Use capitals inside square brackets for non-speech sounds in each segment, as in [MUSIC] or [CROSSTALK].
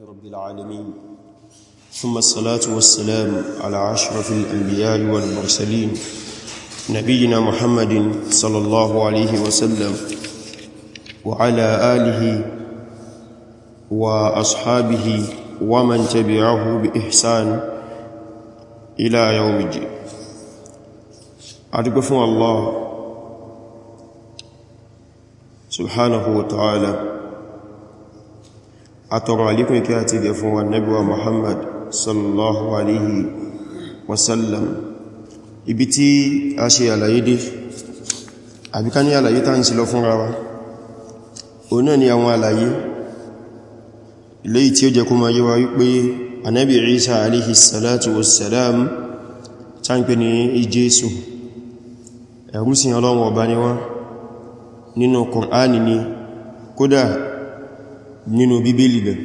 لله رب العالمين ثم الصلاة والسلام على أشرف الأنبياء والمرسلين نبينا محمد صلى الله عليه وسلم وعلى آله وأصحابه ومن تبعه بإحسان إلى يوم الدين أتقفوا الله سبحانه وتعالى atọrọ alikun kí a ti gẹ fún annabi wa muhammad sallallahu alaihi wasallam ibi tí a ṣe àlàyé dé àbíká ní àlàyé tá ń sí lọ fúnra wa o náà ni àwọn àlàyé ilé tí ó jẹ kó ma yé wípé annabi isa alaihi salatu wassalam tá ń pè ní ìjésù ẹ̀rúsìn ọlọ́run ọba ni wọ́n nínú kùránì ni kódà nínú bíbélì gan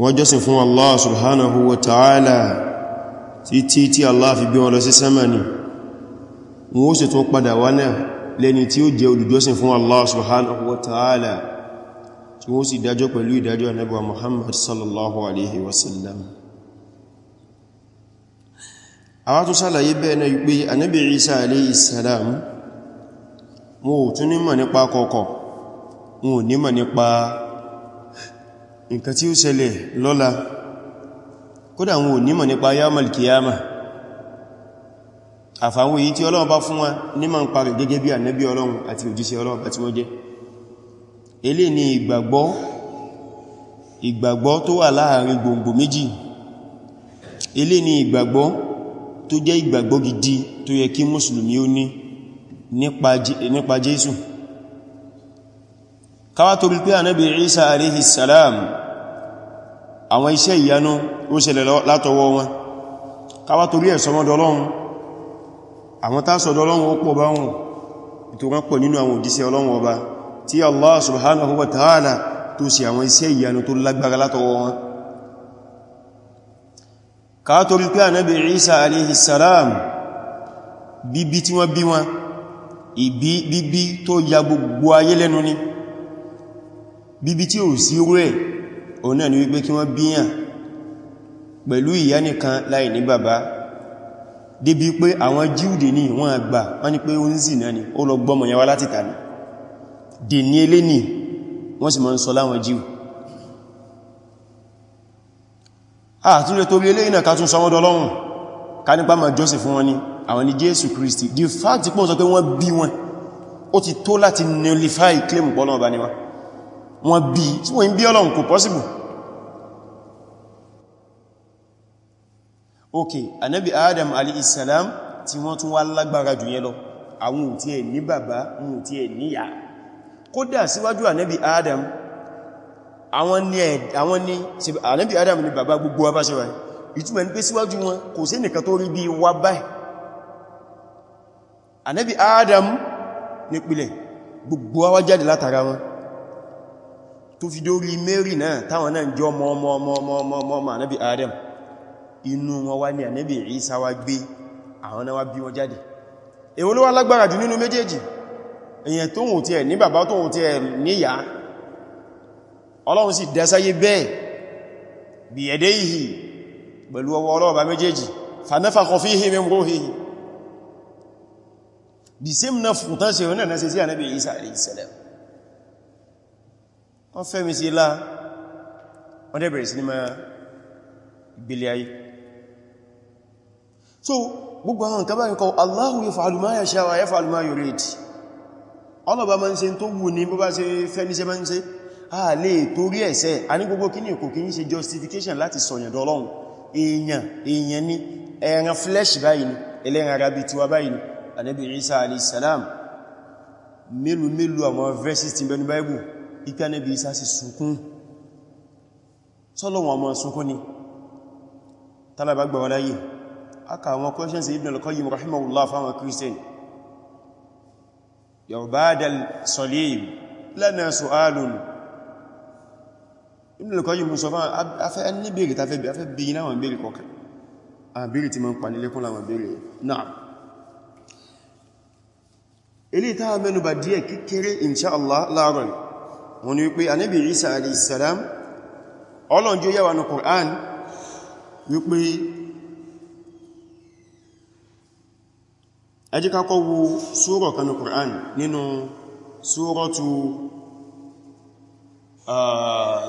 wọ́n jọ́sìn fún Allah subhanahu wa ta'ala títí tí Allah fi bí wọn lọ sí sánmàní wọ́n ó sì tún padà wá náà lẹ́ni tí ó jẹ́ olùjọ́sìn fún Allah subhanahu wa ta'ala tí wọ́n sì dájọ́ pẹ̀lú ìdájọ́ anábíwa Muhammad sallallahu alaihi wasallam àwa tó sálàyé bẹ́ẹ̀ náà wípé anábí Isa alaihi salam wọn tún nímọ̀ nípa kọ̀kọ̀ wọn ò nímọ̀ nípa nǹkan tí ó ṣẹlẹ̀ lọ́la kódà wọn ò nímọ̀ nípa yamal kiyama àfàwọn èyí tí ọlọ́run bá fún wa nímọ̀ ń parí gẹ́gẹ́ bí ànábí ọlọ́run àti òjíṣẹ́ ọlọ́run bá tí wọ́n jẹ́ elé ni ìgbàgbọ́ ìgbàgbọ́ tó wà tó jẹ́ ìgbàgbọ́ gidi tó yẹ kí mùsùlùmí ó ní nípa Jésù káwà tó rí pé ànábì Isa alayhi salam àwọn iṣẹ́ ìyanu ó ṣẹlẹ̀ látọwọ́ wọn káwà tó rí ẹ̀ sọmọ́dọ́lọ́run àwọn tásọ̀dọ́lọ́run ó pọ̀ bá wọn ìtòrán pọ̀ nínú àwọn òjíṣẹ́ Ọlọ́run ọba tí Allah subhanahu wa ta'ala tó ṣe àwọn iṣẹ́ ìyanu tó lágbára látọwọ́ wọn káwà tó rí pé Isa alayhi salam bíbí tí wọ́n bí wọn ìbí bíbí tó ya gbogbo ayé lẹ́nu ni bíbí tí ò sí rẹ̀ òun náà ni wípé kí wọ́n bíyàn pẹ̀lú ìyá nìkan láì ní bàbá débi pé àwọn jíùdè ní wọ́n àgbà wọ́n ní pé ó ń zìnà ni ó lọ gbọ́mọ̀ yẹn wá láti tà ní dè ní elé ní wọ́n sì máa ń sọ láwọn jíù àtúnlẹ̀ torí elé ìnà ká tún sọ wọ́n dọ́lọ́run ká nípa ma jọ́sìn fún wọn ni àwọn ni Jésù Kristi the fact pọ́n sọ pé wọ́n bí wọn ó ti tó láti nullify claim pọ́nà ọba ni wọn wọ́n bí tí wọ́n bí ọlọ́run kò pọ́sìbù ok anabi adam alìsàlám tí wọ́n tún wá lágbára jù yẹn lọ àwọn ò tiẹ̀ ní bàbá wọn ò tiẹ̀ níyà kódà síwájú anabi adam àwọn ni àwọn ni anabi adam ni bàbá gbogbo wa bá ṣe wà ìtumọ̀ ní adam nípìlẹ̀ gbogbo wa jáde látara wọn tó fi dórí Mary náà táwọn náà jọ mọ́mọ́mọ́mọ́mọ́ ànábì Adam inú wọn wá ní ànábì Isa wá gbé àwọn náà wá bí wọn jáde èwo ló wá lágbára jù nínú méjèèjì èyàn tó wùn tí ẹ̀ ní bàbá tó wùn tí ẹ̀ níyà Ọlọ́run sì dẹ́sáyé bẹ́ẹ̀ bí ẹ̀dẹ́ ìhì pẹ̀lú ọwọ́ ọlọ́ọ̀bá méjèèjì fanafakọ fi hì mẹ́mú róhìhì the same náà fún tán ṣe rẹ̀ náà sí ànábì Isa alayhi salam wọ́n fẹ́ mi sí ilá wọ́n dẹ̀ bẹ̀rẹ̀ sí ní máa gbìlẹ̀ ayé so gbogbo àwọn nǹkan báyìí kọ Allahu yaf'alu ma yasha wa yaf'alu ma yurid ọlọ́bá ma ń ṣe tó wù ní bó bá ṣe fẹ́ ní ṣe ma ń ṣe a lè torí ẹ̀ṣẹ̀ a ní gbogbo kíní kò kíní ṣe justification láti sọ̀yàn dọ́lọ́run èèyàn èèyàn ní ẹran flesh báyìí ni ẹlẹ́ran arabi tiwa báyìí ni Ànábì Isa alayhi salam mélòó mélòó àwọn verses ti bẹnu Bible ìpé Ànábì Ìsá sì sunkún sọ́lọ́wọ́n ọmọ sunkún ni tàbí gbà wọláyé aka àwọn questions Ibn al-Qayyim rahimahullah fáwọn Christian yọ̀bádàl sọ̀lẹ́yìn lẹ́nà su'alun Ibn al-Qayyim sọ fáwọn afẹ́ ẹni bèèrè tafẹ́ bí afẹ́ bí náwọn bèèrè kọkàn àbírí tí ma ń panilẹ́kún láwọn bèèrè náà ilé ìtàwọn mẹ́nubà díẹ̀ kékeré inṣáàlá láàrùn wọn ni wípé anábì Isa alìsàlám ọlọ́njú yẹ́wà ní Qur'an wípé ẹjí kakọ́ wo sura kan ní Qur'an nínú suratu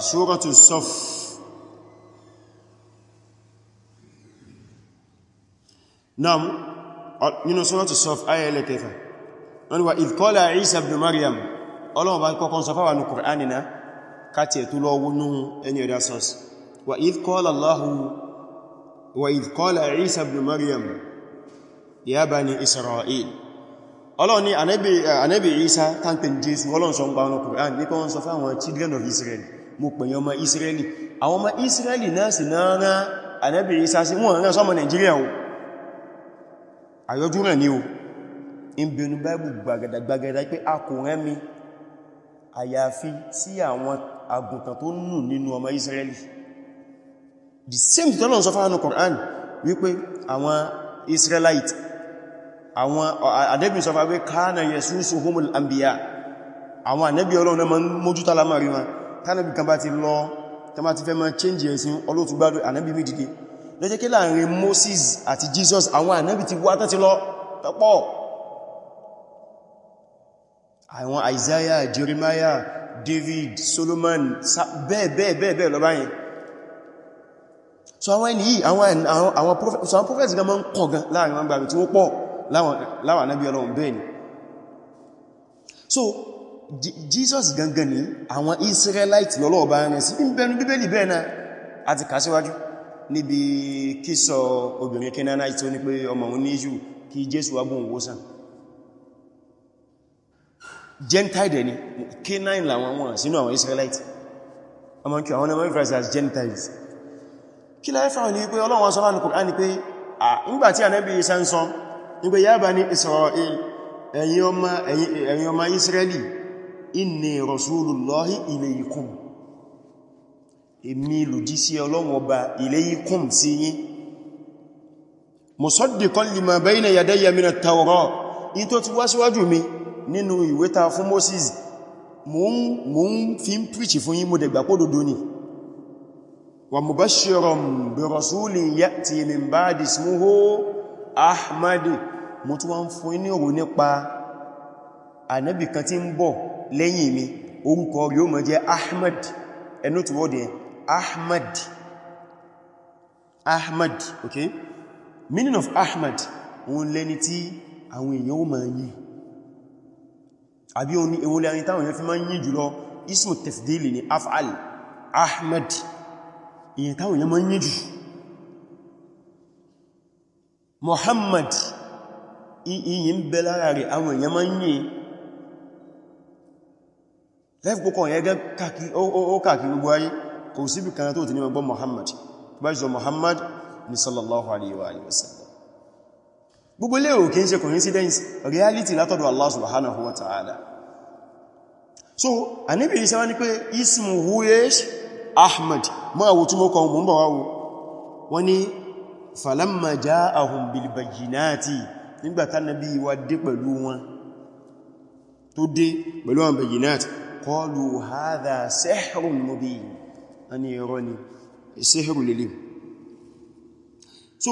suratu Saff naam nínú suratu Saff ayẹ́lẹ́kẹfà wọ́n ni wa idh Isa ibn Maryam ọlọ́run bá kọ́kọ́ sọ fáwọn Kùránì náà káti ẹ̀tú lọ wónú any other source wa idh qala Allahu wa idh qala Isa ibn Maryam ya bani Isra'il ọlọ́run ni Ànábì Isa tánpẹ̀ Jésù ọlọ́run sọ ń gba ọ̀nà Kùránì ní kọ́wọ́n sọ fáwọn children of Israel mo pè yọ ọmọ Israeli àwọn in benu Bible gbàgàdàgbàgàdà pé a kò rán àyàfi sí àwọn àgùntàn tó nù nínú ọmọ Israeli the same tí Ọlọ́run sọ fánà Qur'an wípé àwọn Israelite àwọn àdẹ́bìn sọ fánà kana yasusuhumul anbiya àwọn ànẹ́bí Ọlọ́run náà mójútà lámàrí wọn tánàbí kan bá ti lọ tánàbá change ẹ̀sìn olótúgbádùn ànẹ́bí méjìdé lọ́jẹ́ kí láàrin Moses àti Jesus àwọn ànẹ́bí ti wá tán ti àwọn Isaiah Jeremiah David Solomon bẹ́ẹ̀ bẹ́ẹ̀ bẹ́ẹ̀ bẹ́ẹ̀ lọ báyìí so àwọn ẹni yìí àwọn prophets gan mọ́ ń kọ̀ gan láàrin wọn gbàmì tí wọ́n pọ̀ láwọn anábí Ọlọ́run bẹ́ẹ̀ ni so Jesus gangan ni àwọn Israelites lọ́lọ́ bá rẹ̀ sí ń bẹnu bíbélì bẹ́ẹ̀ náà àti kàṣíwájú níbi kíso obìnrin Canaanite tó ní pé ọmọ òun ní gentile ni canine làwọn wọn sínú àwọn israelite ọmọ kí àwọn ọmọ israelite as gentiles kí láyé fáwọn ní pé ọlọ́wọ́n sọ láàrín kùrán ni pé nígbàtí ànábì isa ń sọ ní pé yába ní israel ẹ̀yin ọmọ israeli inni rasulullahi ilaykum èmi lòdí sí ọlọ́wọ́n ọba ilaykum sí yín musaddiqan lima bayna yadayya mina at nínú ìwé ta fún Moses mo ń fi ń preach fún yín mo dẹ̀gbà pò dodo ni wa mubashiran bi rasulin ya'ti min ba'di ismuhu Ahmad mo tún wá ń fún yín ní ọ̀rọ̀ nípa ànábì kan tí ń bọ̀ lẹ́yìn mi orúkọ rí ó mọ̀ jẹ́ Ahmad ẹnú tí wọ́n dẹ̀ Ahmad Ahmad okay meaning of Ahmad òun lẹ́ni tí àwọn èèyàn ó mọ̀ yìí àbí oní ewolẹ̀ ayin táwọn yẹn fi máa ń yìn jùlọ ismu tefdili ni af'al ahmed ìyẹn táwọn yẹn máa ń yìn jù mohamed ìyìn bẹ lára rẹ̀ àwọn èèyàn máa ń yìn lẹ́fì púpọ̀ yẹn gẹ́ káàkiri gbogbo ayé kò síbì kan tó ti ní ọgbọ́n mohamed bá jùlọ mohamed ni sallallahu alaihi wa sallam gbogbo lè ò kí ń ṣe coincidence reality látọ̀dọ̀ Allah subhanahu wa ta'ala so ànábì Ìsá wá ní pé ismu huyesh Ahmad ma wo tí mo kọ mú bọ̀ wáwo wọ́n ni falamma ja'ahum bil bayyinati nígbàtá nabi wa dé pẹ̀lú wọn tó dé pẹ̀lú àwọn bayyinati qalu hadha sihrun mubin a ni ẹ̀rọ ni sihrun lili so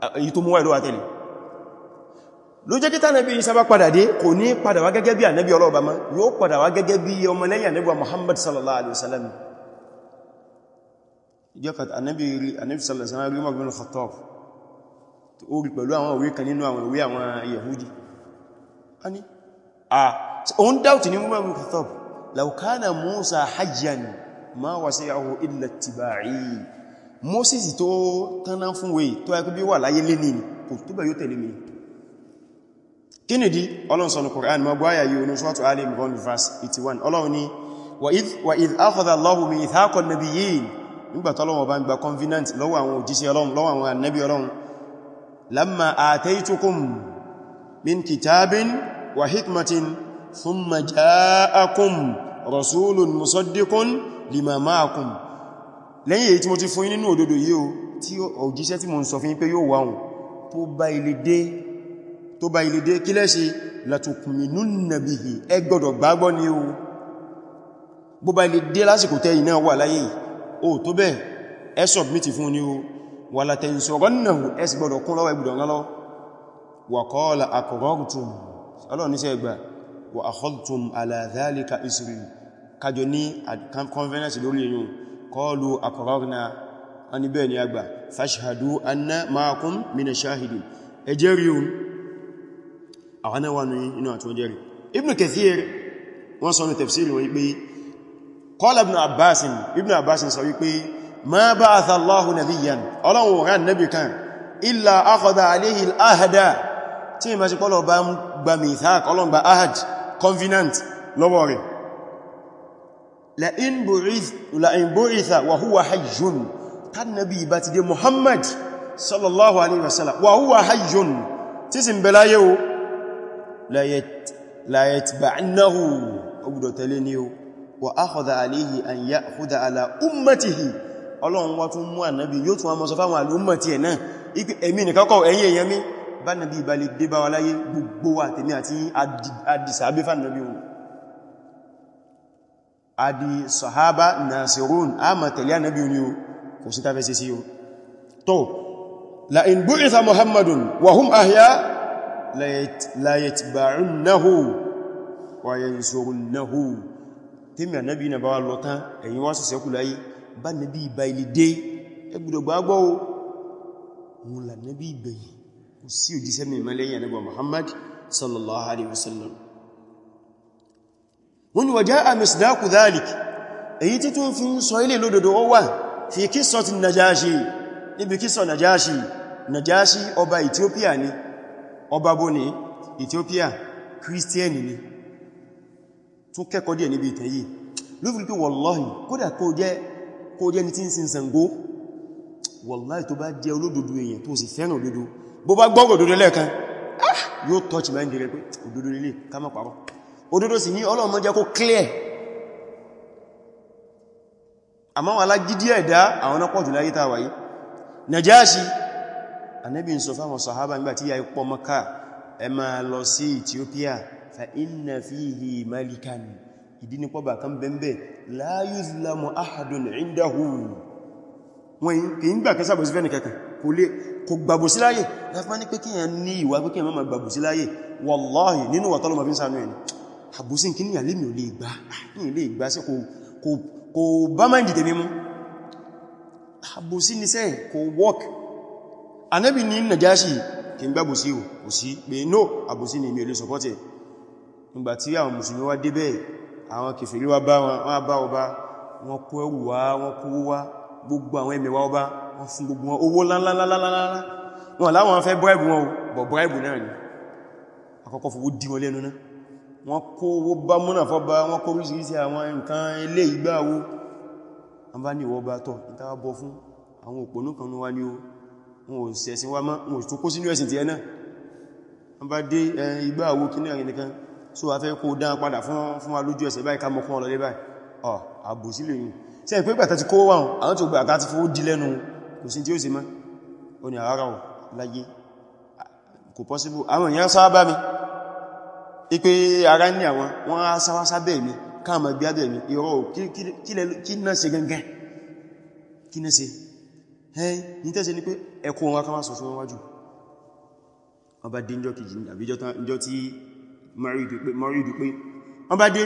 èyí tó mú wáyé ló wà tẹ́lẹ̀ ló jẹ́ kíta nàbí ìsába padà dé kò ní padà wá gẹ́gẹ́ bí ànábí ọlọ́ọ̀bá ma yóò padà wá gẹ́gẹ́ bí ọmọlẹ́yìn ànábí Muhammad sallallahu alaihi wasallam ìjọ́kàtà ànábí sallallahu alaihi wasallam bin Khattab ó rí pẹ̀lú àwọn òwe kan nínú àwọn òwe àwọn Yahudi a ní à òun dáùtì ní illa ittiba'i Moses tó tánná fún wèé tó ẹkú bí wà láyé lé ní kò tó bẹ̀ yóò tẹ̀lé mi kí nìdí ọlọ́run sọ̀nà Qur'an ma gbáyà yìí onú ṣwátò Ali Imran verse 81 ọlọ́run ni wa idh akhadha Allahu mithaqa an-nabiyyin nígbà tọ́lọ́wọ́ bá ń gba covenant lọ́wọ́ àwọn òjíṣẹ́ ọlọ́run lọ́wọ́ àwọn annabi lẹ́yìn èyí tí mo ti fún yín nínú òdodo yìí o tí òjíṣẹ́ tí mo ń sọ fún yín pé yóò wá ohun tó bá ilé dé tó bá kí lẹ́ṣe látòkùnmínú nàbìhì ẹ gbọ́dọ̀ ni o bó bá ilé dé lásìkò tẹ́ iná wà láyé o tó bẹ́ ẹ sọ̀bmìtì fún ni o wà látẹ̀yìnsọ̀rọ̀nàhù ẹ sì gbọ́dọ̀ kún lọ́wọ́ ibùdó kọlu akọrọrìnà anibẹ̀ ni àgbà fashahadu anna ma'akum mina shahidin ẹ jẹ́rìí ohun àwọn náà wà ní inú àtún jẹ́rìí ibn kathir wọ́n sọ ní tafsiri wọ́n wípé kọ́lá ibn abbasin ibn abbasin sọ wípé ma ba'atha allahu nabiyyan ọlọ́run ran nabi kan illa akhadha alayhi al-ahda bá gbà mithaq ọlọ́run la'in bu'itha wa huwa hajjun tannabi bá ti dé muhammad sallallahu alaihi wasallam wa huwa hajjun tí sin bẹ láyé o la yatba'annahu ọgbùdọ̀ tẹ́lé ní o wa akhadha alayhi an ya'khudha ala ummatihi ọlọ́run wá tún mú ànábí yóò tún wá fáwọn al'ummati ẹ̀ náà ipi ẹ̀mí nìkankọ̀ ẹ̀yìn èyàn mi bá nàbí ìbálẹ̀ dé láyé gbogbo wa tèmi àti àdìsàbífà nàbí ohun adi sahaba nasirun a ma tẹ̀lé ànábì ni o kò sí tafẹ́ sí sí o tó la in bu'itha muhammadun wa hum ahya la yatba'unnahu wa yansurunnahu tí mi ànábì na bá wà lọ́tán ẹ̀yin wọ́n sẹ̀sẹ̀ kù láyé bá nàbí ìbá ilé dé ẹgbùdọ̀ sallallahu alaihi wasallam wọ́n wà já àmìsìdákù dhalik èyí tí tún fi ń sọ ilé lódòdó ó wà fi kíso ti najashi níbi kíso najashi najashi ọba ethiopia ni ọba bó ní ethiopia kírísítíẹ̀nì ni tún kẹ́kọ̀ọ́ díẹ̀ níbi ìtẹ̀ yìí ló kódà kó jẹ́ ní tí ń sin Ṣàngó wallahi tó bá jẹ́ olódòdó èèyàn tó sì fẹ́ràn òdòdó òdodo sì ní Ọlọ́run jẹ́ kó clear àmọ́ wọn alágídí ẹ̀dá àwọn ọ̀pọ̀ jù láyé tàwà yìí Najashi Ànábì ń sọ fáwọn sàhábà nígbàtí ya ipò Mákà ẹ máa lọ sí Ethiopia fa inna fihi malikan ìdí ní pọ́bà kan bẹ̀m̀bẹ̀ la yuzlamu ahadun indahu wọ́n kì ń gbà kan àbúsí kí ní àlémi ò lè gbá ní ah, ilé ìgbá sí kò bá máa jìdẹ̀ mímú àbúsí ní sẹ́yìn kò wọ́k anábi ní nàjáṣì kí n gbá bùsí ò kò sí pé no àbúsí ní ilé sọpọ́tẹ̀ nígbà tí àwọn mùsùlùmí wá débẹ̀ àwọn kèfèrí wá bá ọba wọn kó ẹrù wá wọn kó wá gbogbo àwọn ẹmẹ̀wá ọba wọn fún gbogbo wọn owó lánlánlánlánlá wọn láwọn fẹ́ bọ́ ẹ̀bù wọn bọ̀ bọ́ ẹ̀bù náà ni àkọ́kọ́ fowó dí wọn lẹ́nu náà wọ́n kó owó bá múnà fọ́bá wọ́n kó oríṣìíríṣìí àwọn nǹkan ilé ìgbàwó wọ́n bá ní ìwọ́ bá tọ̀ ìtàwàbọ̀ fún àwọn òpónú kan wá ní o wọn ò sẹ̀sìn wá mọ́ wọn ò tó kó sínú ẹ̀sìn ti ẹ̀nà wọ́n bá dé ìgbàwó kíní ẹ̀rìn nìkan so a fẹ́ kó dán padà fún wa lójú ẹsẹ̀ báyìí ká mọ́ fún ọlọ́lé báyìí ọ̀ àbòsí lè yìn sí ẹ̀ pé gbà tàti kó wà àwọn tó gbà àti fowó dí lẹ́nu kò sí tí ó sì mọ́ ó ní àárá ò láyé kò possible àwọn èèyàn sáábá mi ipé ara ní àwọn wọ́n á sáwásá bẹ́ẹ̀ mi káàmà gbé àbẹ̀ mi ìrọ̀ kí náà ṣe gẹ́gẹ́ kí náà ṣe ẹ́yìn ní tẹ́ṣe ní pé ẹkùn wọn káwà sọ̀tún wọn wájú wọ́n bá dé ìjọ kìí àbíjọ́ tí mọ́rí ìdú pé wọ́n bá dé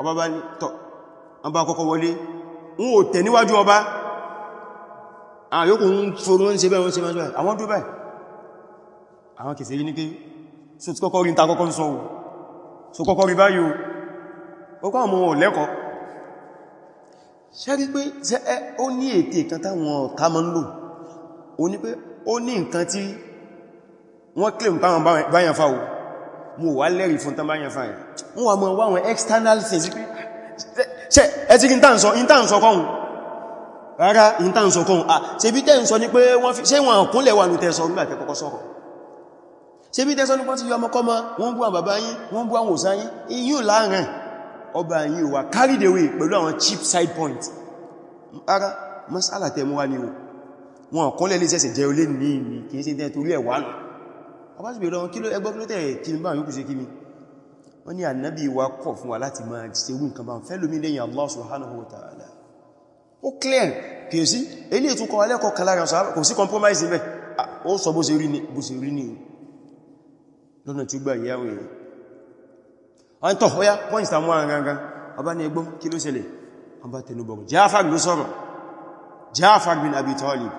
ọba bá ní tọ́ wọ́n bá kọ́kọ́ wọlé wọ́n ò tẹ̀ níwájú ọba àyókùn fòrún ń ṣe bẹ́ẹ̀ wọ́n ṣe máa jọ àwọn tó bẹ́ẹ̀ àwọn kìí sí ní pé sọ ti kọ́kọ́ rí ní ta kọ́kọ́ ń so kọ́kọ́ rí báyìí o kọ́ àwọn ohun lẹ́kọ́ ṣẹ́rí pé ó ní ète kan táwọn ọ̀tá máa ń lò ó ní pé ó ní nǹkan tí wọ́n claim káwọn báyàn fáwọ́ mo wà lẹ́rìí fún tán báyàn fáyàn wọ́n wà mọ́ wáwọn external things pé ṣe ẹtí kí tàǹsọ ìtàǹsọ kọ́hun rárá ìtàǹsọ kọ́hun à ṣe bí tẹ́ ń sọ ní pé wọ́n fi ṣe wọn àkúnlẹ̀ wà ní tẹ́ sọ nígbàtẹ́ kọ́kọ́ sọ́rọ̀ ṣe bí tẹ́sọ́ nípa ti yọ ọmọkọ́mọ wọ́n bú àwọn bàbá yín wọ́n bú àwọn òsá yín yíò láàrin ọba yíò wà carried away pẹ̀lú àwọn cheap side point ara masala tẹ́ mú wá ní wọn kọ́lẹ̀ lè sẹ́sẹ̀ jẹ́ olé ní ìní kìí sí tẹ́ torí ẹ̀wà lọ ọba sì bèèrè wọn kí ló ẹgbọ́ kí ló tẹ̀ kí ní bá yóò kù sí kíní wọ́n ní ànábì wa kọ̀ fún wa láti máa ṣe wù nǹkan bá ń fẹ́ lómi lẹ́yìn Allah subhanahu wa ta'ala ó clear kìí sí eléyìí tún kọ́ alẹ́kọ̀ọ́ kan lára kò sí compromise níbẹ̀ ó sọ bó ṣe rí ni lọ́nà tí ó gbà ìyàwó èèyàn a ń tọ̀ ọya pọ́ìntì àmú àrangangan ọba ní ẹgbọ́n kí ló ṣẹlẹ̀ ọba tẹnubọ̀rù Ja'far ló sọ̀rọ̀ Ja'far bin Abi Talib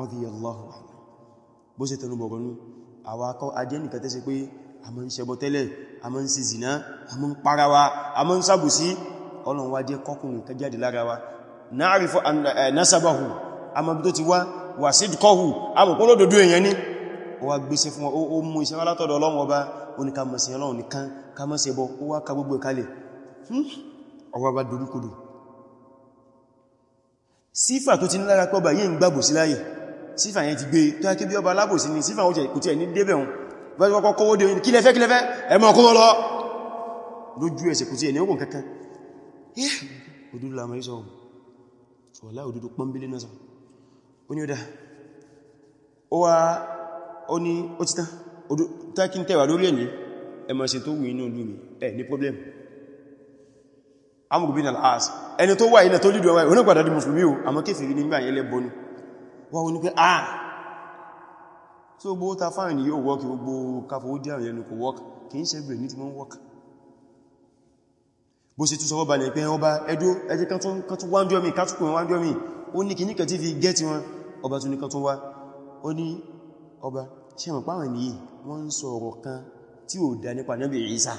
radiyallahu anhu bó ṣe tẹnubọ̀rù ní àwọn akọ́ ajẹ́nìkan tẹ́sẹ pé a mọ́ ń ṣẹbọ tẹ́lẹ̀ a mọ́ ń ṣe zìná a mọ́ ń para wa a mọ́ ń sàbùsí ọlọ́run wá jẹ́ kọkùnrin kan jáde lára wa eh, ni ó wá gbéṣẹ́ o wọn ó mú iṣẹ́ látọ̀dọ̀ ọlọ́run ọba ó ní ká mọ̀ sí ọlọ́run nìkan ká mọ̀ sí ẹbọ ó wá ka gbogbo ìkalẹ̀ hmm? ọwọ́ bá dorúkodò sífà tó ti ní lára pọ́bà yìí ń gbàgbò sí láyè sífà yẹn ti gbé tó yá kí bí ọba alábò sí ni sífà ó jẹ kò tí ẹ̀ ní débẹ̀ wọn bọ́kọ́ kówó dé kí lẹ́fẹ́ kí lẹ́fẹ́ ẹmọ kó lọ lójú ẹsẹ̀ kò tí ẹ̀ ní ogun kankan òdúdó la mẹ́rí sọ́rọ̀ wọ́lá òdúdó pọ́nbílé náà sọ ó ní ó dá ó ní ó ti tán tákí ń tẹ́wà lórí ẹ̀ní ẹmọ̀ sí tó wù inú ìlú mi ẹ̀ ní problem Amr bin al-As ẹni tó wà iná tó lìdọ̀ wáyé onígbàdà di musulmi o àmọ́ kéfèrí nígbà yẹn lẹ́bọ́ ni ah so bó ta fáìn yóò wọ́k gbogbo káfọ́ ó dí àwọn ẹnu kò wọ́k kì í ṣe gbèrè ní ti mọ́ wọ́k bó ṣe tún sọ ọba nìpẹ́ ọba ẹjọ́ ẹjẹ́ kan tún wáńjọ́ mi kátùkù wáńjọ́ mi ó ní kìníkà tí fi kan tún wá ó ní ọba ṣe mọ̀ páwọn ní wọ́n ń sọ ọ̀rọ̀ kan tí ó dá nípa náàbì Ìsá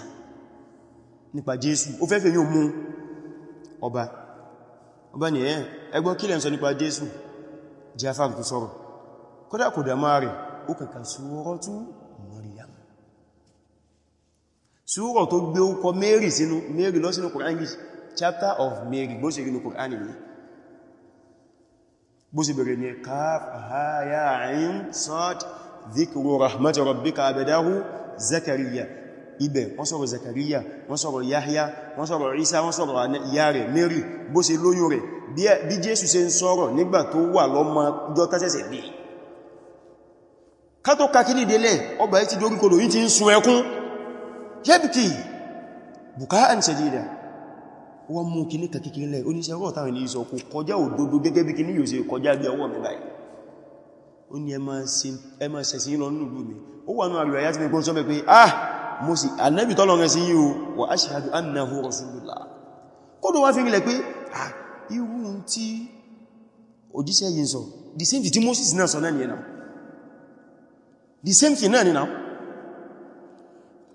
nípa Jésù ó fẹ́fẹ́ yóò mú ọba ọba ni ẹ̀ ẹgbọ́ kílẹ̀ ń sọ nípa Jésù Jafar tó sọ̀rọ̀ kódà kò dá máa rẹ̀ ó kàkà Suratu Maryam súrọ̀ tó gbé ó chapter of Mary bó ṣe rí ní kaf yìí bó ha ya ayin sọ́t ذكر رحمة ربك عبده زكريا ibẹ̀ wọ́n sọ̀rọ̀ zakariya wọ́n sọ̀rọ̀ yahya wọ́n sọ̀rọ̀ isa wọ́n sọ̀rọ̀ ìyá rẹ̀ mary bó ṣe lóyún rẹ̀ bí jésù ṣe ń sọ̀rọ̀ nígbà tó wà lọ́mọ ọjọ́ tásẹ̀sẹ̀ bí ká tó kakiri délẹ̀ ọba ẹ̀ ti dóríkodò yí ti ń sun ẹkún yẹ́bìkì buka'an sadida wọ́n mú kí ní kàkíkí lẹ̀ oníṣẹ́ ọ̀tàrin ní ìsọ̀kù kọjá òdodo gẹ́gẹ́ bí kí ní ó ní ẹmọ ṣẹ̀sìn lọ nílùú mi ó wà náà àríwá yàtí mẹ́gbọ́n sọ́mẹ́ pé ah mo sì ànábì tọ́lọ̀rẹ́ sí yíò wà ashhadu annahu rasulullah kó tó wá fi rílẹ̀ pé ah irú tí òjíṣẹ́ yìí sọ the same thing tí Moses náà sọ náà ni ẹ̀nà the same thing náà ni náà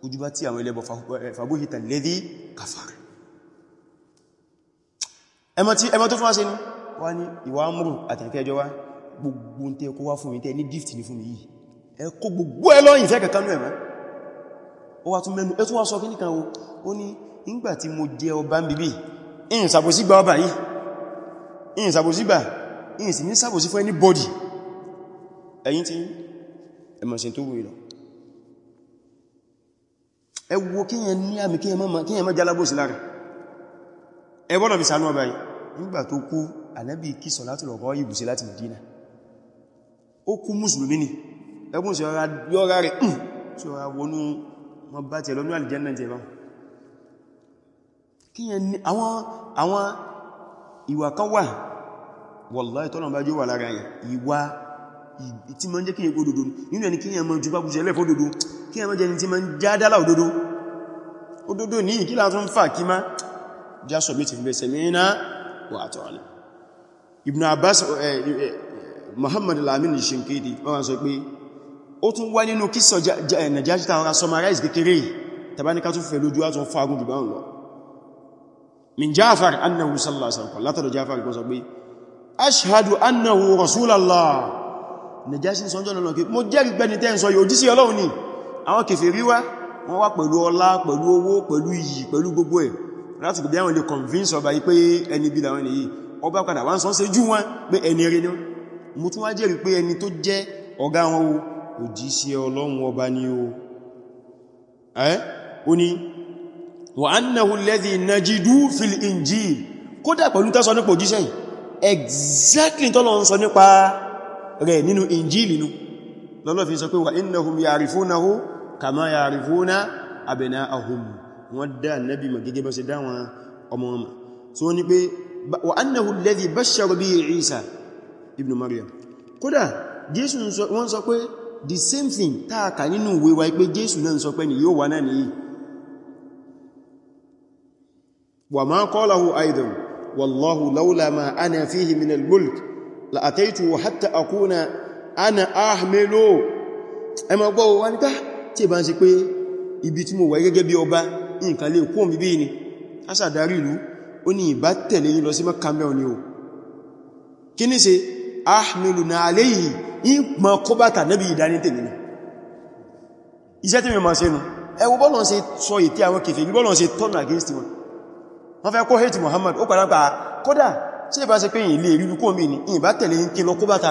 ojúbá tí àwọn ẹlẹ́bọ fàbúhìtà eh, lẹ́dí kàfàrí ẹmọ tó fún wá sí ni wá ní ìwà mú àtẹ̀kẹ́jọ wá gbogbo tẹ́ kó wá fún mi tẹ́ ní gift ní fún mi yìí ẹ kó gbogbo ẹ lọ́yìn fẹ́ kankan náà ó wá tún mẹ́nu ẹ tún wá sọ kíníkan o ó ní ìgbà tí mo jẹ ọba ń bíbí ìyìn sàbòsígbà ọba yìí ìyìn sàbòsígbà ìyìn sì ní sàbòsí fún anybody ẹ̀yìn tí ẹmọ̀sìn tó wù ìlọ ẹ wo kíyàn ní àmì kíyàn mọ́ jalábòsí lára ẹ bọ́nà bí sànú ọba yìí nígbà tó kú ànábì kí sọ láti lọ̀gọ́ ìbùsí láti Mẹdínà ó kú mùsùlùmí ni ẹgbùn sí ọ̀rá yọ́ra rẹ̀ tí ọ̀rá wọnú wọn bá tẹ̀ lọ́nú àlìjẹ́nà jẹba àwọn ìwà kan wà wàláhì tọ́lọ̀ bá jọ wà lára yẹn ìwà tí ma ń jẹ́ kí yẹn kó dodo nínú ẹni kí yẹn mọ́ jù bá búṣẹ́ lẹ́fọ́ dodo kí yẹn mọ́ jẹ́ ni tí ma ń já dálà òdodo òdodo ní kí látún ń fà kí má já sọ̀bí ti fi bẹ̀sẹ̀ mìíràn wà àtọ̀ọ̀lẹ̀ Ibn Abbas Muhammad Lamin Shinkidi wọ́n sọ pé ó tún wá nínú kíso eh, Najashi tàwọn summarize kékeré tàbáníká tún fẹ̀ lójú àtún fagun jù báhùn lọ min Jafar annahu sallallahu alaihi wasallam látọ̀dọ̀ Jafar kó sọ pé ashhadu annahu rasulallah Najashi sọ́njọ́ lọ́nà kí mo jẹ́rìí pé ni tẹ́ ń sọ yóò jísí Ọlọ́run ni àwọn kèfèrí wá wọ́n wá pẹ̀lú ọlá pẹ̀lú owó pẹ̀lú ọba yí pé sọ sí jú wọn pé ẹni rí ni mo tún wá jẹ́rìí pé ẹni tó jẹ́ ọ̀gá wọn o òjíṣẹ́ ọlọ́run ọba ni o ẹ́ o ni wa annahu alladhi najidu fil injil kódà pẹ̀lú tẹ́sọ nípa òjíṣẹ́ yìí exactly tọ́lọ́run sọ nípa rẹ̀ nínú injil inú lọ́lọ́ fi sọ pé wa innahum ya'rifunahu kama ya'rifuna abna'ahum wọ́n dá nábì mọ̀ gẹ́gẹ́ bọ́ sí dáwọn ọmọ ọmọ so ni pé wa annahu alladhi bashshara bihi Isa ibn Maryam kódà Jésù wọ́n sọ pé the same thing táàkà nínú ìwé wa pé Jésù náà sọ pé ni yóò wà náà nìyí wa ma qalahu aidan wallahu laula ma ana fihi min al-mulk la ataitu hatta akuna ana ahmilu ẹ ma gbọ́ wa níta ah, tí bá ń ṣe pé ibi tí mo wà gẹ́gẹ́ bí ọba nǹkan lè kó mi bí ni a sàdárí ìlú ó ní ìbá tẹ̀lé yín lọ sí mọ́kànlẹ̀ òní o kí ní ṣe ahmilu na aléyìí ìpọ̀ kọbátà nábi ìdání tèmi ni iṣẹ́ tí mi ma ṣe nù ẹwọ bọ́lọ̀ ṣe sọ ètí àwọn kèfèrí bọ́lọ̀ ṣe turn against wọn wọ́n fẹ́ kó hate Muhammad ó padà pàá kódà tí ìbá ṣe pé yìí lè rí lukó mi ní ìbá tẹ̀lé ń kí lọ kóbátà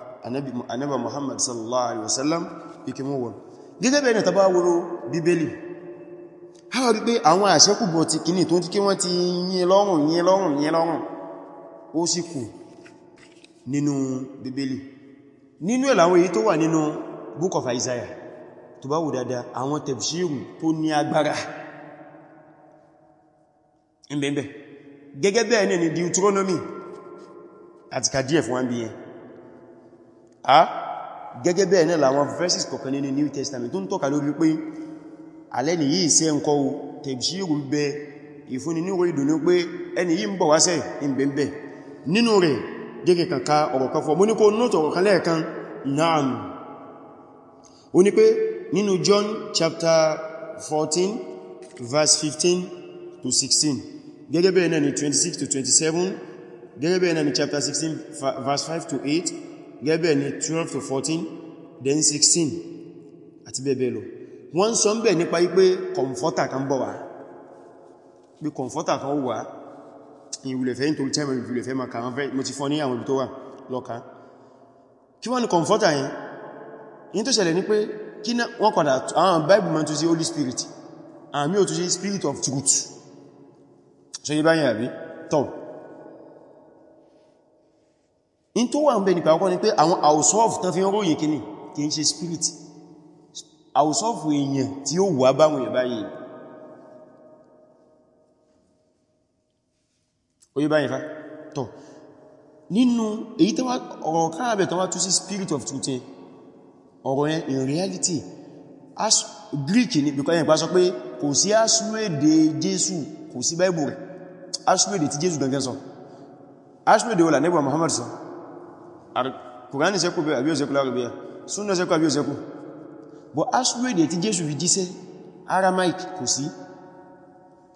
anẹ́bà muhammad sallallahu alaihi wasallam ike mú wọn gẹ́gẹ́ bẹ̀rẹ̀ tàbá wúrú bíbélì ha rí pé àwọn àṣẹ́kùbọ̀ ti kìíní tó ń kí wọ́n ti yìn lọ́rùn yìn lọ́rùn yìn lọ́rùn ó sì kù nínú bíbélì nínú ẹ̀ làwọn èyí tó wà nínú book of isaiah tó bá wù dáadáa àwọn tẹ̀bṣírù tó ní agbára ń bẹ̀ẹ̀bẹ̀ gẹ́gẹ́ bẹ́ẹ̀ ní Deuteronomy àti kàdíẹ̀ fún wọn bí yẹn a gẹ́gẹ́ bẹ́ẹ̀ náà làwọn verses kọ̀kan nínú New Testament tó ń tọ́ka lórí pé alẹ́ ni yìí ṣe ń kọ́ o tẹ̀bṣírù bẹ ìfúnni ní orí ìdùnnú pé ẹni yìí ń bọ̀ wáṣẹ́ ìbẹ̀m̀bẹ̀ nínú rẹ̀ gẹ́gẹ́ kanka ọ̀rọ̀ kan fọ́ mú ní kó nóòtò John chapter 14 verse 15 to 16 gẹ́gẹ́ bẹ́ẹ̀ náà ni 26 to 27 gẹ́gẹ́ bẹ́ẹ̀ náà ni chapter 16 verse 5 to 8 gẹ́bẹ̀ ni 12 to 14 then 16 àti bẹ́ẹ̀bẹ́ẹ̀ lọ wọ́n sọ ń bẹ̀ nípa wípé kọmfọ́tà kan bọ̀ wá bí kọmfọ́tà kan wà ìwùlẹ̀fẹ́ nítorí tẹ́mẹ̀ ìwùlẹ̀fẹ́ ma kàrán fẹ́ mo ti fọ́ ní àwọn ibi tó wà lọ́ka kí wọ́n ni kọmfọ́tà yẹn yí tó ṣẹlẹ̀ ní pé kí wọ́n kọ̀dà àwọn Bible man tó sí Holy Spirit àmì ò tó sí Spirit of Truth ṣe yí báyìí àbí tọ́ in tó wà ń bẹ nípa ọkọ́ ni pé àwọn àwòsọ́ọ̀fù tán fi ń ròyìn kíní kìí ṣe spirit àwòsọ́ọ̀fù èèyàn tí ó wà báwọn èèyàn báyìí oye báyìí fa tọ́ nínú èyí tó ọ̀rọ̀ káàbẹ̀ tó wá tú spirit of truth ọ̀rọ̀ in reality as Greek ni because yẹn pa sọ pé kò sí asúwèdè Jésù kò sí Bible rẹ̀ asúwèdè tí Jésù gangan sọ asúwèdè wọ́la nígbà Muhammad sọ kùránì sẹ́kù bẹ̀rẹ̀ àbí òsẹ́kù lárúbíyà súnà sẹ́kù àbí òsẹ́kù but asúwèdè tí jésù fi jíṣẹ́ aramaic kò sí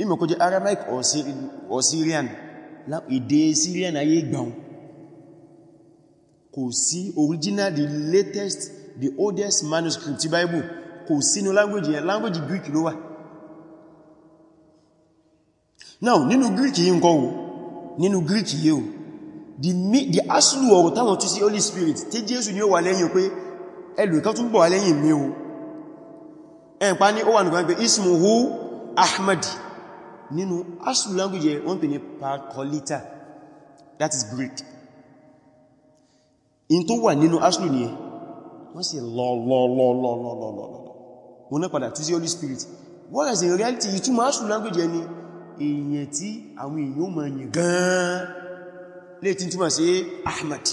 ìmọ̀ kó jẹ aramaic or syrian èdè syrian ayé gbàun kò sí original the latest the oldest manuscript ti bible kò sínú language yẹn language greek ló wà now nínú greek yìí ń kọ́ nínú greek yìí o the, the aslu ọ̀rọ̀ táwọn tú sí holy spirit tí jésù ni ó wà lẹ́yìn pé ẹlù ìkan tún bọ̀ wà lẹ́yìn mi o ẹ̀pá ní ó wà nìkan pé ismuhu ahmad nínú aslu language wọ́n pè ní parkolita that is greek in tó wà nínú aslu ni wọ́n sì lọ́lọ́lọ́lọ́lọ́lọ́ wọ́n náà padà tú holy spirit whereas in reality ìtumọ̀ aslu language ẹni èèyàn tí àwọn èèyàn mọ̀ yìí gan lè tí túnmà sí Ahmad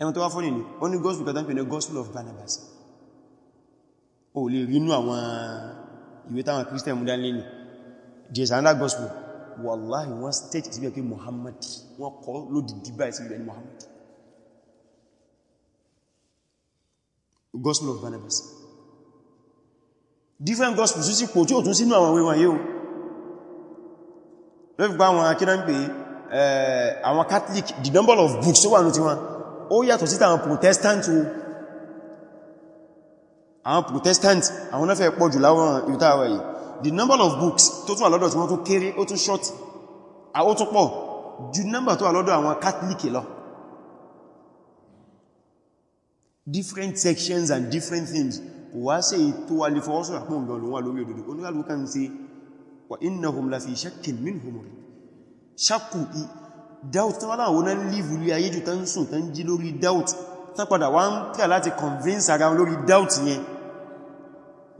ẹ̀wọ̀n tó wá fọ́nì ní ó ní gospel kàtà ń pè ní gospel of Barnabas ó lè rínú àwọn ìwé táwọn Christian mú dán lẹ́nì there is another gospel wallahi wọ́n state síbẹ̀ pé Muhammad wọ́n kọ́ lódìdí báyìí síbẹ̀ ní Muhammad gospel of Barnabas different gospel sí sí pò tí ò tún sínú àwọn ìwé wọ̀nyí o lọ́fi gba àwọn akídá eh, Catholic the number of books tó wà ní tiwọn ó yàtọ̀ síta àwọn Protestant o àwọn Protestant àwọn náà fẹ́ pọ̀ jù láwọn ìrútà wà yìí the number of books tó tún àlọ́dọ̀ tí wọ́n tó kéré ó tún short ó tún pọ̀ ju number tó àlọ́dọ̀ àwọn Catholic lọ different sections and different things kò wá sí èyí tó wà lè fọwọ́sọ̀rọ̀ àpọ̀ ìgbọ̀n lòun wà lórí òdòdó oníkàlùkù kan sí wa innahum la fi shakkin minhum shakku i doubt tán wọ́n láwọn náà live lórí ayé jù tán sùn tán jí lórí doubt tán padà wá ń tẹ́ láti convince ara lórí doubt yẹn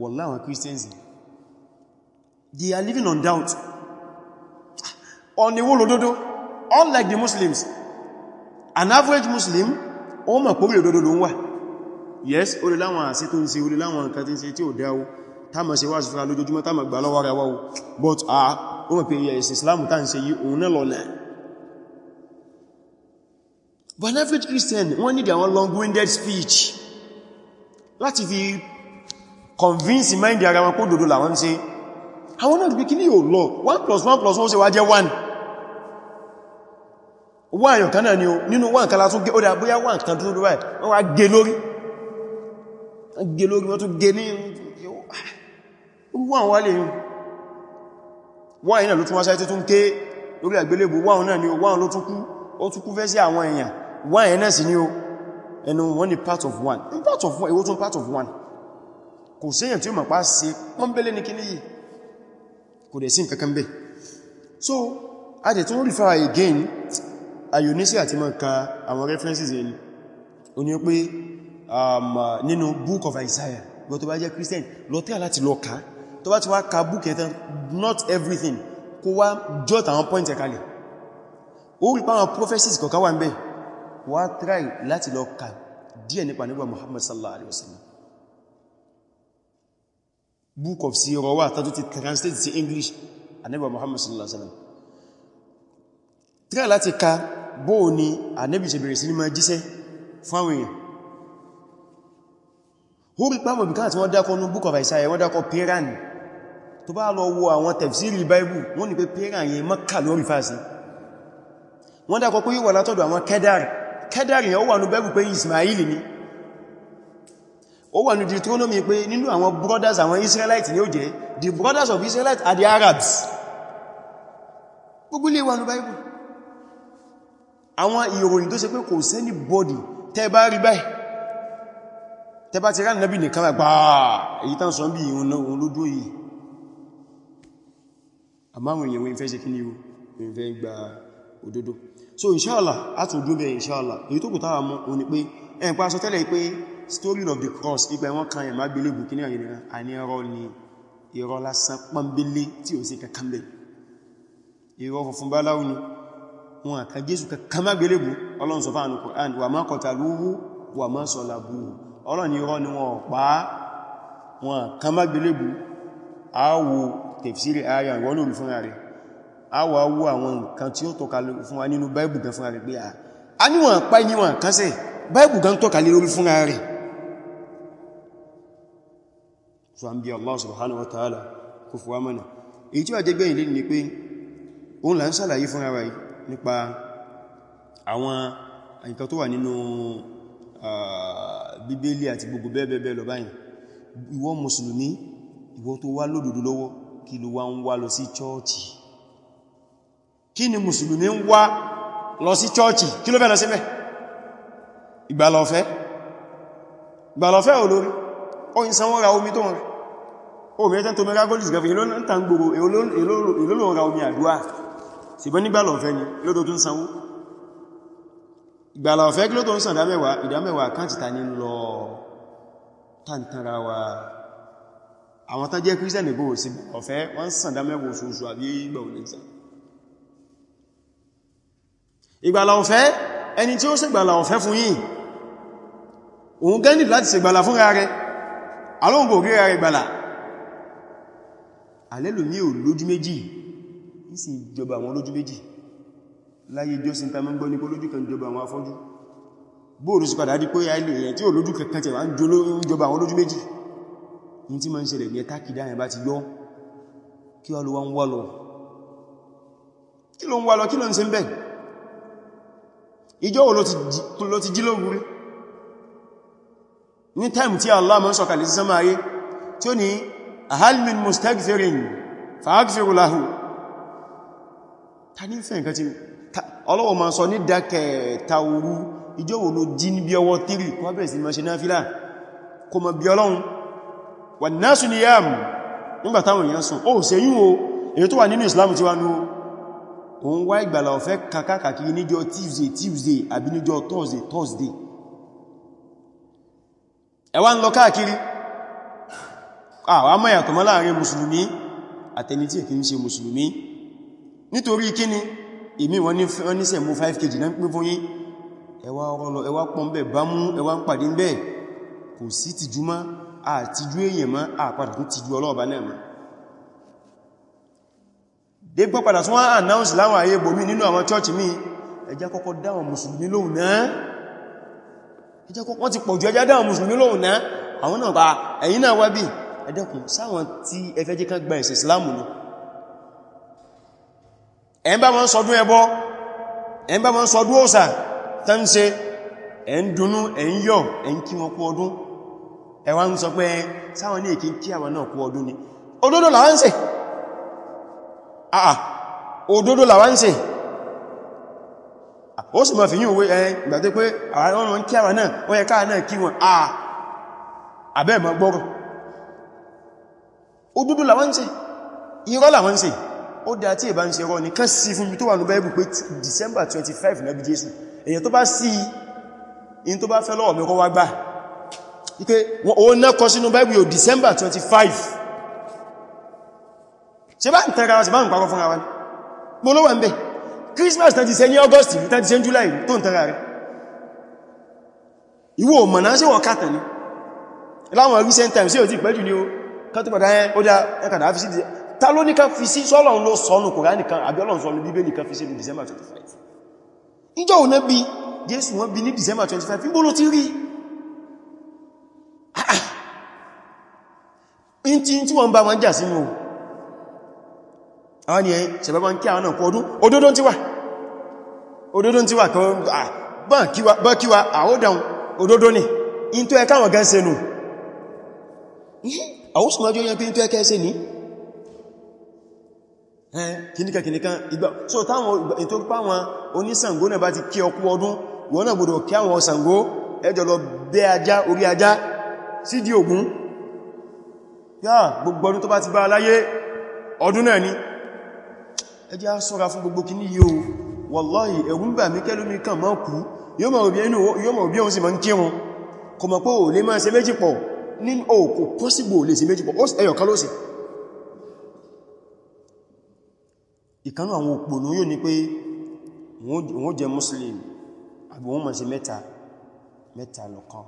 wọ́n láwọn Christians they are living on doubt ọ̀nà ìwó lòdòdó unlike the Muslims an average Muslim ó mọ̀ pòrí lòdòdó ló ń wà yes ó láwọn àṣẹ tó ń ṣe ó láwọn nǹkan tí ń ṣe tí ò dáwó táàmà ṣe wá sífúra lójoojúmọ́ táàmà gbà lọ́wọ́ rẹ̀ wọ́wọ́ but a ó mọ̀ pé ilẹ̀ ìsìn Islam tàà ń ṣe yí òun náà lọ́nà but an average Christian wọ́n need àwọn long-winded speech láti fi convince mind ara wọn kó dòdó làwọn ṣe àwọn náà gbé kí ní yóò lọ 1 plus 1 plus 1 ṣe wá jẹ́ 1 wọ́n àyàn kan náà ni o nínú wọ́n kan látún gé ó dà bóyá wọ́n kan tó dúró báyìí wọ́n wá gé lórí wọ́n tún gé ní wọ́n wá lè yìn wọ́n iná ló tún wá sáyé tún ké lórí àgbélébù wọ́n náà ni wọ́n ló tún kú ó tún kú fẹ́ sí àwọn èèyàn wọ́n ẹ̀ náà sì ni ó ẹnu wọ́n ni part of one in part of one èwo tún part of one kò séyàn tí ó mọ̀pá sí wọ́n bẹ́lẹ̀ ní kíní yìí kò dẹ̀ sí nǹkankan bẹ́ so a dẹ̀ tún refer again ayonisi àti mọ̀ ka àwọn references yìí ó ní pé um, nínú book of Isaiah gbọ́tọ̀ bá jẹ́ Christian lọ tẹ́ láti lọ kàá tó bá ti wá ka book not everything kó wá jot àwọn point ẹ̀kalẹ̀ ó rí páwọn prophecies kọ̀ká wà ń bẹ̀ wá try láti lọ ka díẹ̀ nípa nígbà Muhammad sallallahu alaihi wasallam book of siro wà tàbí ti translate sí English Muhammad sallallahu alaihi wasallam try láti ka bóò ni anẹ́bì ṣe bẹ̀rẹ̀ sí ní máa jíṣẹ́ fáwọn èèyàn ó rí páwọn bìkan àti wọ́n dákọ̀ ní book of Isaiah wọ́n dákọ̀ Piran tó bá lọ wo àwọn tẹ̀fsìrì Bible wọ́n ní pé pẹ́rà yẹn Mẹ́kà lórí fásí wọ́n dákọ pé yíwà látọ̀dọ̀ àwọn kẹ́dàrì kẹ́dàrì yẹn ó wà ní Bible pé Ismail ni ó wà ní Deuteronomy pé nínú àwọn brothers àwọn Israelites ni ó jẹ́ the brothers of Israelites are the Arabs gbogbo lè wà ní Bible àwọn ìròyìn tó ṣe pé kò sẹ́ni bọ́dì tẹ́ bá rí báyìí tẹ́ bá ti rán nàbì nìkan gbáà èyí tán sọ bí ìhun lójú yìí àmáwọn èèyàn wọ́n fẹ́ ṣe kí ni wọ́n fẹ́ gba òdodo so inshallah a tún dúbẹ̀ inshallah èyí tó kù táwà mọ́ o pé ẹn sọ tẹ́lẹ̀ pé story of the cross ipa wọn kan ẹ̀má gbélé bù kíní àyìnà àní ẹ̀rọ ni irọ́ lásán pọ́nbélé tí ò sí kankan bẹ̀ irọ́ funfun bá láwùn wọn àkà jésù kankan má gbélé bù ọlọ́run sọ fáànù Qur'an wà má tẹ̀fsírí ayà ìwọ́lò fúnra rẹ̀ a wà wú àwọn nǹkan tí ó tọ́ka fún wa nínú báìbù gan fúnra rẹ̀ pé ah, a níwọ̀n pa níwọ̀n kánṣẹ̀ báìbù gan tọ́ka lé lórí fúnra rẹ̀ so an Allah subhanahu wa ta'ala kò fúwa mọ́nà èyí tí wà jẹ́ gbẹ̀yìn lẹ́ni pé òun là ń sàlàyé fúnra rẹ̀ nípa àwọn nǹkan tó wà nínú bíbélì àti gbogbo bẹ́ẹ̀bẹ́ẹ̀ lọ báyìí ìwọ mùsùlùmí ìwọ tó wá lódòdó lọ́wọ́ kí ló wá ń wá lọ sí chọ́ọ̀chì kí ni mùsùlùmí ń wá lọ sí chọ́ọ̀chì kí ló fẹ́ lọ sí mẹ́ ìgbàlọ̀fẹ́ ìgbàlọ̀fẹ́ olórí ó ń sanwó ra omi tó ń rẹ̀ ó mẹ́tẹ́ tó mẹ́ra golis gẹ̀fẹ̀ ìlú ń tàn gbogbo ìlú ra omi àdúwà ṣùgbọ́n nígbàlọ̀fẹ́ ni lódó tó ń sanwó ìgbàlọ̀fẹ́ kí ló tó ń sàn dámẹ́wàá ìdámẹ́wàá káàtì ta ní lọ tàntàrawa àwọn tán jẹ́ kírísẹ̀nì bó sí ọ̀fẹ́ wọ́n sàndá mẹ́wọ̀ oṣooṣù àbí ìgbà olóògbà ìgbàlà ọ̀fẹ́ ẹni tí ó sì gbàlà ọ̀fẹ́ fún yín òun gẹ́nì láti sì gbàlà fúnra rẹ̀ alóhùn kò rí rẹ̀ gbàlà alẹ́lò ní ò lójú méjì ìsì ìjọba àwọn lójú méjì láyé jọ́sìn ta mọ́gbọ́ ní lójú kan jọba àwọn afọ́jú bóòrùsù padà dípò yá ilé èèyàn tí ò lójú kankan tẹ̀wà ń jọba àwọn lójú méjì yìí tí ma ń ṣẹlẹ̀ ní ẹ̀tàkìdá yẹn bá ti yọ́ kí wá ló wá ń wá lọ kí ló ń wá lọ kí ló ń ṣe ń bẹ̀ ìjọ́ wo ló ti jí rí ní táìmù tí Allah mọ́ sọ̀kalẹ̀ sí sánmà ayé tí ó ní ahalmin mustaghfirin fa'aghfiru lahu ta ní fẹ́ nǹkan tí ọlọ́wọ̀ ma sọ ní dákẹ̀ taoru ìjọ́ wo ló jí ní bí mọ̀ bí ọlọ́run wà náà sùn ní yàm nígbàtàwọn èèyàn sùn ó ṣe yíò èyí tó wà nínú islam ti wá ní òun wá ìgbàlà ọ̀fẹ́ kàkàkàkiri níjọ́ tuesday tuesday àbí níjọ́ thursday thursday ẹwà ń lọ káàkiri àwọn amáyàtọ̀ mọ́ láàrin mùsùlùmí àtẹni tí èkí ń ṣe mùsùlùmí nítorí kíni èmi wọ́n ní sẹ̀mú 5 kg náà pín fún yín ẹwà ọ̀rọ̀lọ ẹwà pọ̀ ń bẹ̀ bá ẹwà ń pàdé ń bẹ̀ kò sí tìjú àtijú èyàn mọ́ àpadà tún tijú ọlọ́ọ̀bá náà mọ́ dégbọ́ padà tún wọ́n announce láwọn ayé bòmí nínú àwọn church mi ẹjá kọ́kọ́ dáwọn mùsùlùmí lóhùn náà ẹjá kọ́kọ́ ti pọ̀jù ẹjá dáwọn mùsùlùmí lóhùn náà àwọn náà pa ẹ̀yìn náà wábí ẹdẹ́kùn sáwọn tí ẹfẹ́ jẹ́ kan gba ẹ̀sẹ̀ islamu ni ẹ ń bá wọn sọdún ẹbọ ẹ ń bá wọn sọdún òsà tán ṣe ẹ ẹwà ń sọ pé sáwọn ní èkí kí àwọn náà kú ọdún ni òdodo làwọn ń ṣe àà òdodo làwọn ń ṣe ó sì mọ̀ fi yíò wé ẹn gbàtí pé àwọn ọmọ kí àwọn náà ó yẹ káà náà kí wọn àà àbẹ́ mọ̀ gbọ́rọ̀ òdodo tó December 25 náà bí Jésù èyàn tó bá sí in tó bá fẹ́ lọ́wọ́ mi wá gbáà wípé òun náà kọ sínú Bible December 25 ṣe bá ń tẹ́ra ṣe bá ń pàkọ́ fúnra wa ní gbólówà ń bẹ̀ Christmas tàbí ṣe ní August tàbí ṣe ní July tó ń tẹ́ra rẹ̀ ìwọ mọ̀ná ṣe wọ́n kàtà ní láwọn recent times sí ò tí pẹ́jù ní o kàtàkàtà ẹ ó dá ẹkàdà àfi sí ta ló ní ká fi sí sọ́lọ̀un ló sọ́nù Kùránì kan àbí Ọlọ́run sọ́nù Bíbélì kan fi sí ní December 25 ìjọ́ òun náà bí Jésù wọ́n bí ní December 25 fíbóló ti rí in ti tí wọ́n bá wọn jà sínú àwọn ni ẹ̀yìn ṣẹ̀bẹ̀bọ̀n kí àwọn náà kú ọdún òdòdó tí wà òdòdó tí wà bá kíwà àwọ́dàn òdòdó ní in tó ẹka wọn gẹ́ẹ̀ṣẹ́ nù àwọ́sùnmọ́jọ́ yẹn pé in tó ẹka ẹ̀ṣẹ́ ní kìníkà kìníkà ìgbà so táwọn ètò pàwọn oníṣàngó náà bá ti kí ọkú ọdún wọ́n náà gbọdọ̀ kí àwọn ọ̀ṣàngó ẹjọ́ lọ bẹ́ ajá orí ajá sídí Ògún yáà gbogbo ọdún tó bá ti bá aláyé ọdún náà ni ẹ jẹ́ á ṣọ́ra fún gbogbo kìíní yìí o wallahi ẹ̀rù ń bà mí kẹ́lómi kan máa kú yóò mọ̀ bí òun sì máa ń kírun kò mọ̀ pé ò lè máa ṣe méjì pọ̀ ní òkú pọ́sígbò lè ṣe méjì pọ̀ ẹyọ̀ kan ló sì ìkanú àwọn òpònú yóò ní pé wọ́n jẹ́ muslim àbí wọ́n máa ṣe mẹ́ta mẹ́ta lọ́kan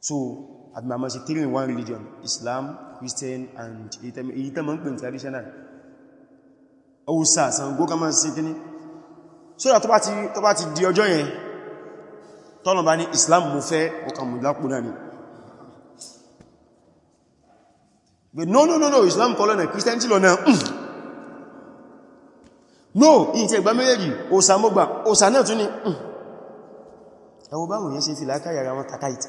so at my ṣe three in one religion Islam Christian and èyí tẹ́ mọ́ ń pè traditional ọwọ́sà Ṣàngó ká máa ṣe kíní so that tó bá ti di ọjọ́ yẹn tọ́nà bá ní Islam mú fẹ́ ọkàmù lápò náà ni but no no no no Islam kọ́ lọ́nà Christian [CLEARS THROAT] tí lọ́nà no in ti ẹgbà méjèèjì òsà mọ́gbà òsà náà tún ni [CLEARS THROAT] ẹwọ báwọn yẹn ṣe fi láákàyà ara wọn takaiti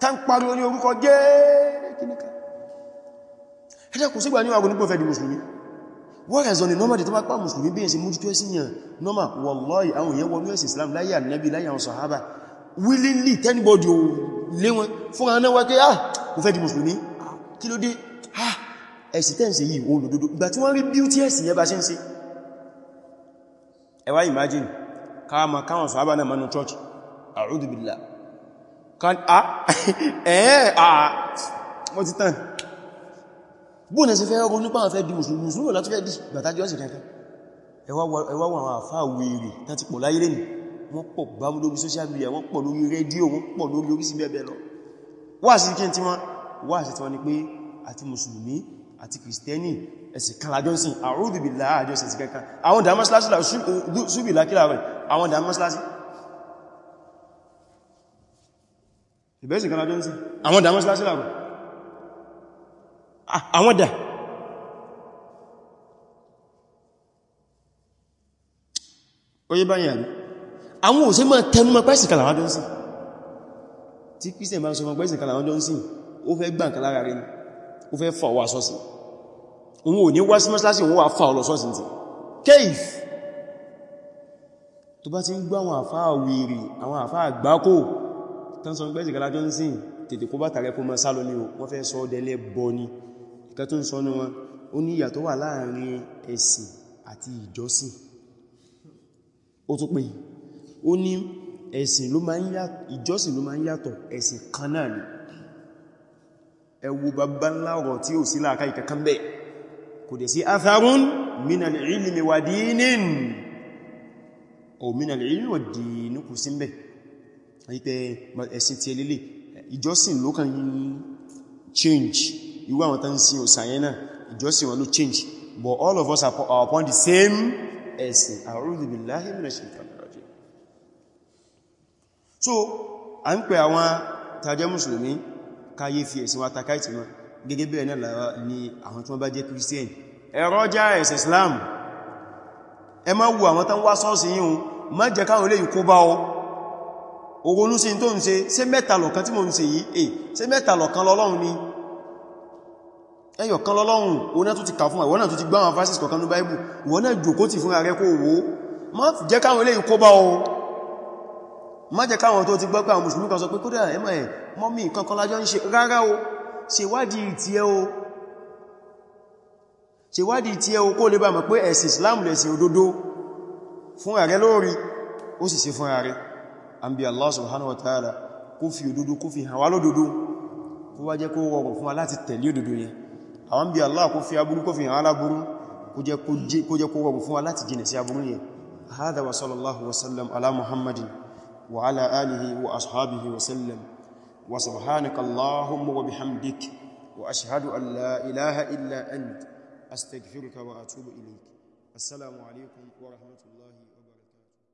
tán pariwo ní orúkọ jẹ́ kíníkà ẹjẹ́ kò sígbà ní àwọn onípòfẹ́ di musulmi wọ́n rẹ̀ zọ̀nì nọ́mà dìtọ́ bá pà musulmi bí ẹ̀sìn mújútó ẹ̀sìn yàn nọ́mà wallahi àwọn èèyàn wọnú ẹ̀sìn islam láyé willingly tẹ́nibọ́dì ò lé wọn fún aná wá pé ah mo fẹ́ di musulmi ah, kí ló dé ah beauty ẹ̀sìn yẹn bá ṣe ń ṣe ẹ wá imagine káwọn sàhábà náà mọ́nu church a'udhu billah kan a [LAUGHS] ẹ̀ẹ́ a wọ́n ti tán bóòlẹ̀ sí fẹ́ ọgbọ́n nípa àwọn fẹ́ di mùsùlùmí mùsùlùmí láti fẹ́ di gbàtàjọ́ sí kẹta ẹwà wọn àfáà wèrè láti pọ̀ láyé lẹ́nì wọ́n pọ̀ gbámú lórí social media wọ́n pọ̀ lórí rédíò wọ́n pọ̀ lórí orí sí bẹ́ẹ̀ lọ wà sí kí tí wọ́n wà sí tí wọ́n ni pé àti la, àti kìrìsìtẹ́nì ẹ̀sìn kalajọ́sìn àrùdùbìlà àjọsìn ti kẹta àwọn dàmásílásí eh, ìbẹ́sìn kan lájọ́ ń sí àwọn dà mọ́sílásí làrù ah, àwọn dà oye báyìí àrí àwọn òsè máa tẹnu ma pẹ́sìn kan lájọ́ ń sí tí christian bá ń sọ ma pẹ́sìn kan lájọ́ ń sí ó fẹ́ gbà nǹkan lára rẹ̀ ni ó fẹ́ fà wà sọ́sì òun ò ní wá sí mọ́sílásí òun wà fà ọlọ sọ́sì ti kéif tó bá ti ń gbọ́ àwọn àfáà wèrè àwọn àfáà gbákòó tán sọ pé ìsìnkà lájọ́ ń sìn tètè kó bá tààrẹ kó mọ́ sálọ ní o wọ́n fẹ́ sọ dẹ̀lẹ́ bọ ni ìkẹ́ tó ń sọ ní wọn ó ní ìyàtọ̀ wà láàrin ẹ̀sìn àti ìjọsìn ó tó pè ó ní ẹ̀sìn ló máa ń yàtọ̀ ìjọsìn ló máa ń yàtọ̀ ẹ̀sìn kan náà ni ẹ bàbá ńlá tí ò sí láàká ìkẹ́kàn atharun minal ilmi wa dinin o minal ilmi wa dinin kò sí bẹ́ẹ̀ wípé ẹ̀sìn ti ẹlẹ́lẹ́ ìjọsìn ló kàn yí change irú àwọn tán sí òsàyẹn náà ìjọsìn wọn ló change but all of us are upon the same ẹ̀sìn a'udhu billahi minash shaitanir rajim so a ń pẹ àwọn tàjẹ́ mùsùlùmí káyé fi ẹ̀sìn wa takáìtì wọn gẹ́gẹ́ bẹ́ẹ̀ náà lára ní àwọn tí wọ́n bá jẹ́ christian ẹ̀rọ islam ẹ má wo àwọn tán wá sọ́ọ̀sì yíò má jẹ́ káwọn olè yìí kó bá ọ oronú sí tó ń ṣe ṣé mẹ́ta lọ̀kan tí mo ń ṣe yìí e ṣé mẹ́ta lọ̀kan lọ́lọ́run ni ẹyọ̀kan lọ́lọ́run o náà tó ti kà fún àwọn náà tó ti gbá àwọn verses kọ̀kan ní Bible wọ́n náà jòkó ti fún ààrẹ kó wó má jẹ́ káwọn eléyìí kó bá o má jẹ́ káwọn tó ti gbọ́ pé àwọn mùsùlùmí kan sọ pé kódà ẹmọ̀ ẹ̀ mọ́mí nǹkan kan lájọ́ ń ṣe rárá o ṣèwádìí ti ẹ o ṣèwádìí tí ẹ okó lè bá Islam lẹ̀sìn òdodo fún ààrẹ lórí ó sì sí fún ààrẹ an bí Allah subhanahu wa ta'ala kó fi òdodo kó fi hàn wá lódodo kó wá jẹ́ kó rọrùn fún wa láti tẹ̀lé òdodo yẹn àwọn bí Allah kó fi aburú kó fi hàn aláburú kó jẹ́ kó rọrùn fún wa láti jìnà sí aburú yẹn hádà wa sallallahu wasallam ala muhammadin wa ala alihi wa ashabihi wasallam wa subhanaka allahumma wa bihamdik wa ashhadu an la ilaha illa ant astaghfiruka wa atubu ilayk assalamu alaikum wa rahmatullahi